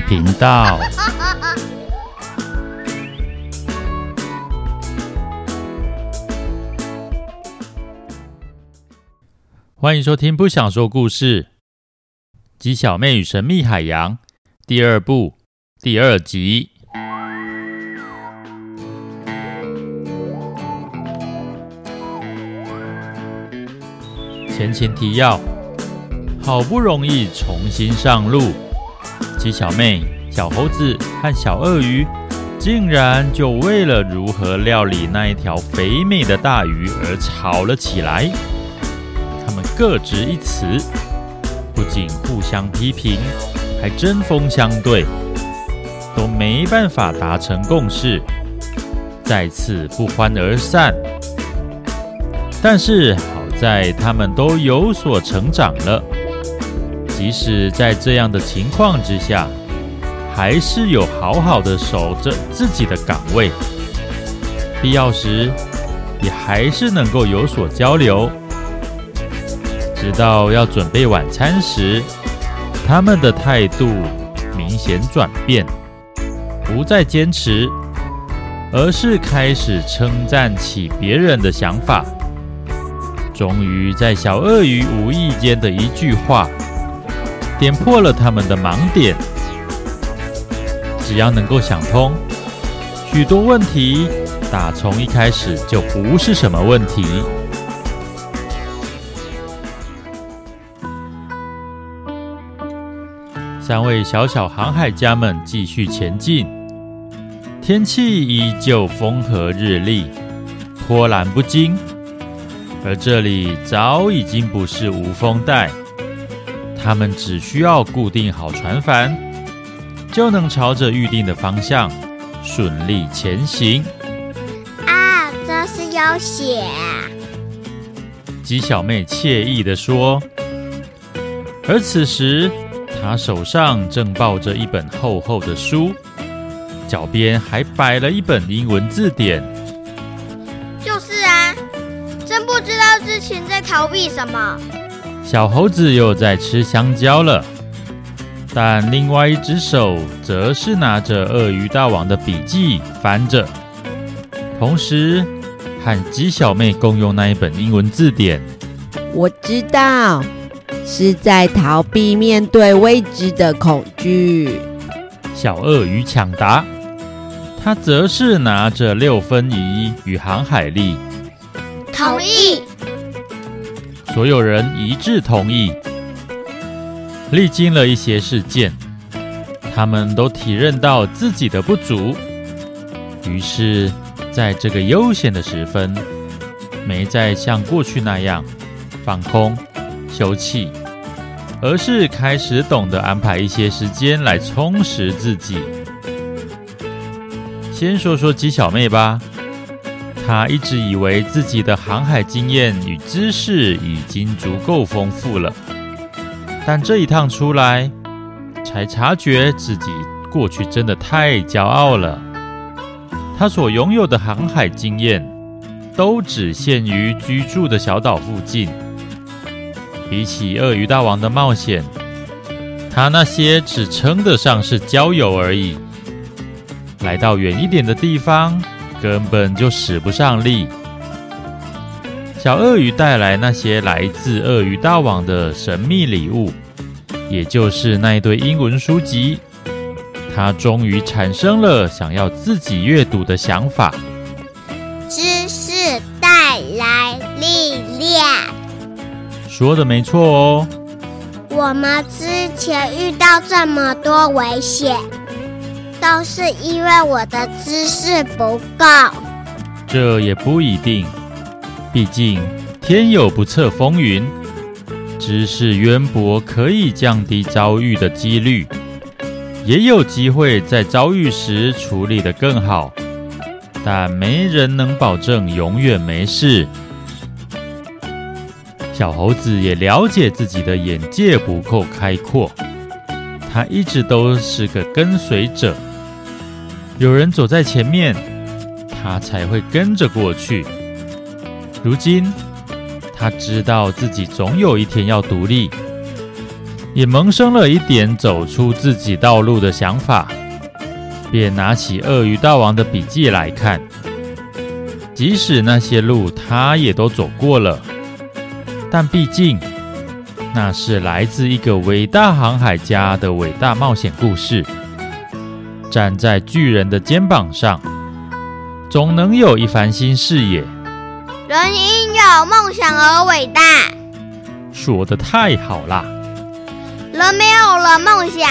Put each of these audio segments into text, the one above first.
頻道，歡迎收聽《不想說故事》雞小妹與神秘海洋第二部第二集。前情提要：好不容易重新上路。雞小妹、小猴子和小鱷魚，竟然就為了如何料理那一條肥美的大魚而吵了起來。他們各執一詞，不僅互相批評，還針鋒相對，都沒辦法達成共識，再次不歡而散。但是，好在他們都有所成長了。即使在這樣的情況之下，還是有好好的守着自己的崗位，必要時也還是能夠有所交流。直到要準備晚餐時，他們的態度明顯轉變，不再堅持，而是開始稱讚起別人的想法。終於在小鱷魚無意間的一句話，點破了他們的盲點，只要能夠想通，許多問題打從一開始就不是什麼問題。三位小小航海家們繼續前進，天氣依舊風和日麗，波瀾不驚，而這裡早已經不是無風帶。他們只需要固定好船帆，就能朝着預定的方向順利前行。啊，這是要寫啊。雞小妹愜意地說。而此時，她手上正抱着一本厚厚的書，腳邊還擺了一本英文字典。就是啊，真不知道之前在逃避什麼。小猴子又在吃香蕉了，但另外一隻手則是拿着鱷魚大王的筆記翻着，同時和雞小妹共用那一本英文字典。我知道，是在逃避面對未知的恐懼。小鱷魚搶答，他則是拿着六分儀與航海曆。同意。所有人一致同意，歷經了一些事件，他們都體認到自己的不足，於是在這個悠閒的時分，沒再像過去那樣放空、休憩，而是開始懂得安排一些時間來充實自己。先說說雞小妹吧。他一直以為自己的航海經驗與知識已經足夠豐富了，但這一趟出來，才察覺自己過去真的太驕傲了。他所擁有的航海經驗，都只限於居住的小島附近。比起鱷魚大王的冒險，他那些只稱得上是郊遊而已。來到遠一點的地方，根本就使不上力。小鱷魚帶來那些來自鱷魚大王的神秘禮物，也就是那一堆英文書籍，牠終於產生了想要自己閱讀的想法。知識帶來力量，說的沒錯哦。我們之前遇到這麼多危險。都是因為我的知識不夠，這也不一定。畢竟天有不測風雲，知識淵博可以降低遭遇的幾率，也有機會在遭遇時處理得更好。但沒人能保證永遠沒事。小猴子也了解自己的眼界不夠開闊，他一直都是個跟隨者。有人走在前面，他才會跟着過去。如今，他知道自己總有一天要獨立，也萌生了一點走出自己道路的想法，便拿起鱷魚大王的筆記來看。即使那些路他也都走過了，但畢竟，那是來自一個偉大航海家的偉大冒險故事。站在巨人的肩膀上，總能有一番新視野。人因有夢想而偉大。說得太好啦！人沒有了夢想，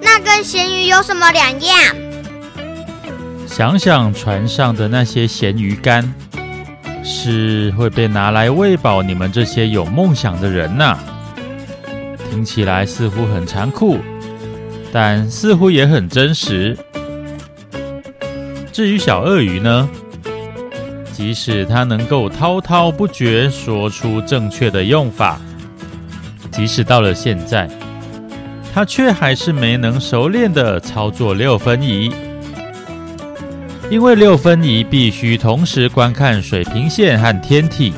那跟鹹魚有什麼兩樣？想想船上的那些鹹魚乾，是會被拿來餵飽你們這些有夢想的人呢？啊？聽起來似乎很殘酷。但似乎也很真實。至於小鱷魚呢？即使它能夠滔滔不絕說出正確的用法，即使到了現在，它卻還是沒能熟練地操作六分儀，因為六分儀必須同時觀看水平線和天體。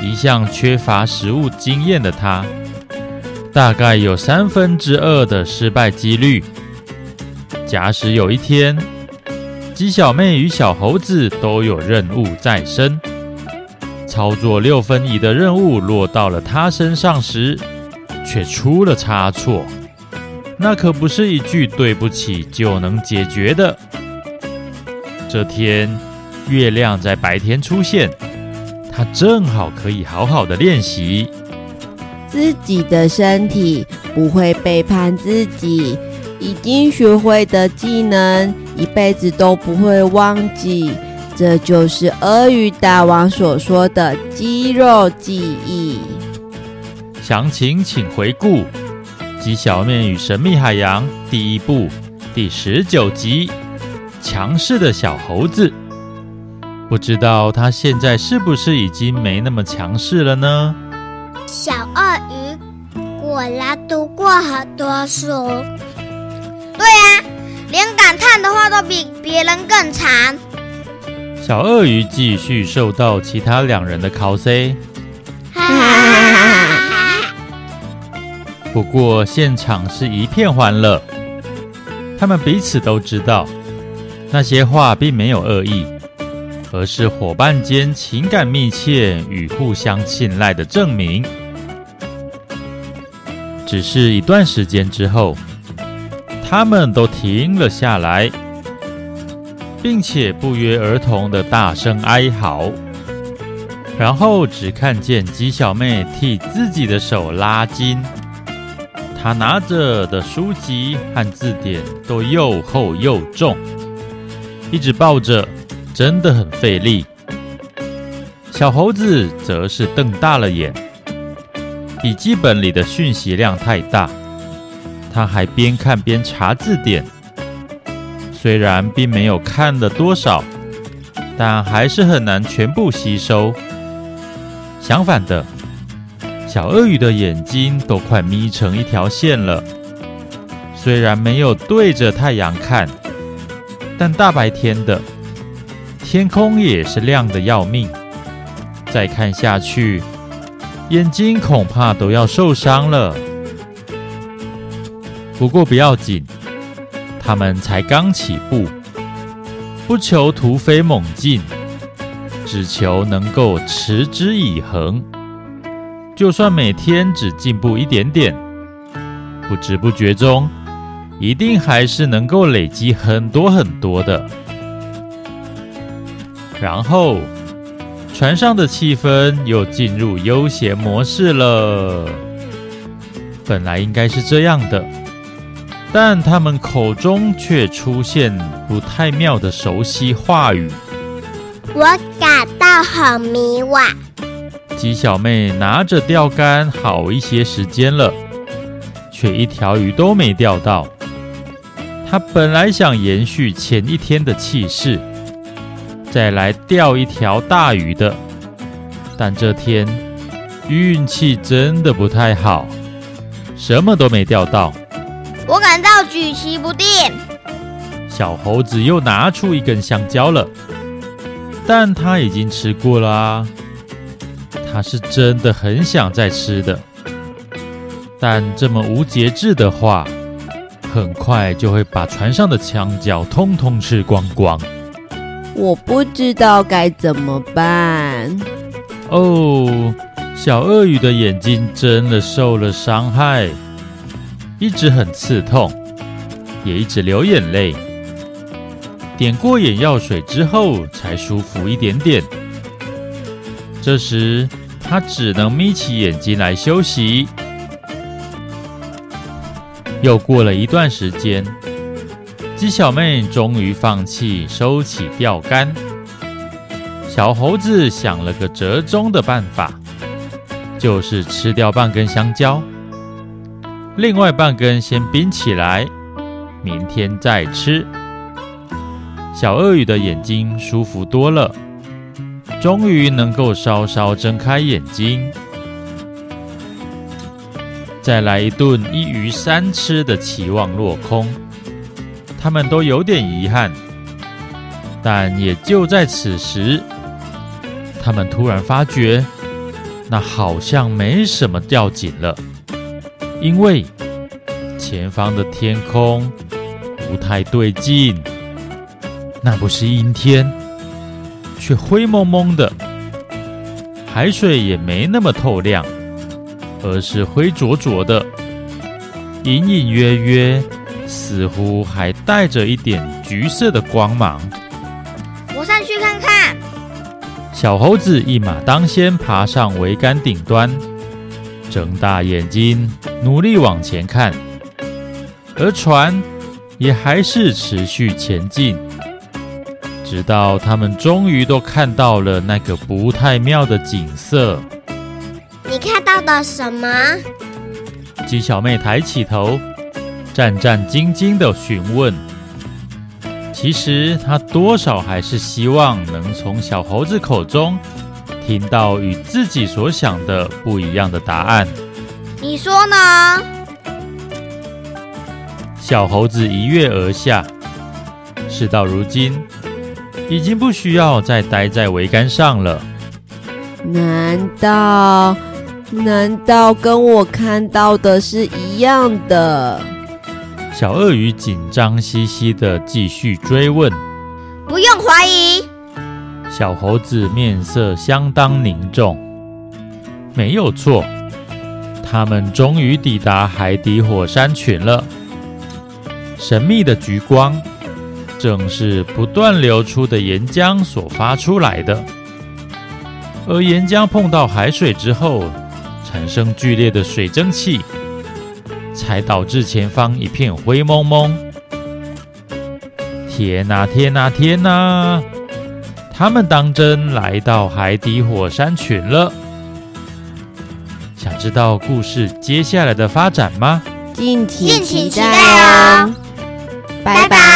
一向缺乏實務經驗的它。大概有三分之二的失敗幾率。假使有一天，雞小妹與小猴子都有任務在身，操作六分儀的任務落到了她身上時，卻出了差錯，那可不是一句對不起就能解決的。這天，月亮在白天出現，她正好可以好好的練習。自己的身體不會背叛自己，已經學會的技能一輩子都不會忘記。這就是鱷魚大王所說的肌肉記憶。詳情請回顧《雞小妹與神秘海洋》第一部第十九集《強勢的小猴子》。不知道他現在是不是已經沒那麼強勢了呢？小鱷魚果然讀過很多書，對呀、啊，連感嘆的話都比別人更慘。小鱷魚繼續受到其他兩人的拷問，哈哈哈哈！ 不過現場是一片歡樂，他們彼此都知道那些話並沒有惡意，而是夥伴間情感密切與互相信賴的證明。只是一段時間之後，他們都停了下來，並且不約而同地大聲哀嚎。然後只看見雞小妹替自己的手拉筋，她拿着的書籍和字典都又厚又重，一直抱着，真的很費力。小猴子則是瞪大了眼。筆記本裡的訊息量太大，他還邊看邊查字典。雖然並沒有看的多少，但還是很難全部吸收。相反的，小鱷魚的眼睛都快眯成一條線了。雖然沒有對着太陽看，但大白天的天空也是亮的要命。再看下去。眼睛恐怕都要受傷了。不過不要緊，他們才剛起步，不求突飛猛進，只求能夠持之以恆。就算每天只進步一點點，不知不覺中，一定還是能夠累積很多很多的。然後。船上的氣氛又進入悠閒模式了。本來應該是這樣的，但他們口中卻出現不太妙的熟悉話語。我感到很迷惘。雞小妹拿着釣竿好一些時間了，卻一條魚都沒釣到。她本來想延續前一天的氣勢。再來釣一條大魚的，但這天運氣真的不太好，什麼都沒釣到。我感到舉棋不定。小猴子又拿出一根香蕉了，但他已經吃過啦啊。他是真的很想再吃的，但這麼無節制的話，很快就會把船上的香蕉通通吃光光。我不知道該怎麼辦。哦，oh, 小鱷魚的眼睛真的受了傷害，一直很刺痛，也一直流眼淚。點過眼藥水之後才舒服一點點。這時，它只能眯起眼睛來休息。又過了一段時間。雞小妹終於放棄，收起釣竿。小猴子想了個折中的辦法，就是吃掉半根香蕉，另外半根先冰起來，明天再吃。小鱷魚的眼睛舒服多了，終於能夠稍稍睜開眼睛。再來一頓一魚三吃的期望落空。他們都有點遺憾，但也就在此時，他們突然發覺，那好像沒什麼要緊了，因為前方的天空不太對勁。那不是陰天，卻灰蒙蒙的，海水也沒那麼透亮，而是灰濁濁的，隱隱約約。似乎還帶着一點橘色的光芒。我上去看看。小猴子一馬當先爬上桅杆頂端，睜大眼睛努力往前看，而船也還是持續前進，直到他們終於都看到了那個不太妙的景色。你看到的什麼？雞小妹抬起頭。戰戰兢兢的詢問。其實他多少還是希望能從小猴子口中聽到與自己所想的不一樣的答案。你說呢？小猴子一躍而下。事到如今，已經不需要再待在桅杆上了。難道，難道跟我看到的是一樣的？小鱷魚緊張兮兮地繼續追問：“不用懷疑。”小猴子面色相當凝重：“沒有錯，他們終於抵達海底火山群了。神秘的橘光正是不斷流出的岩漿所發出來的，而岩漿碰到海水之後，產生劇烈的水蒸氣。”才導致前方一片灰濛濛。天哪、啊，天哪、啊，天哪、啊！他們當真來到海底火山群了。想知道故事接下來的發展嗎？敬請期，期待哦。拜拜。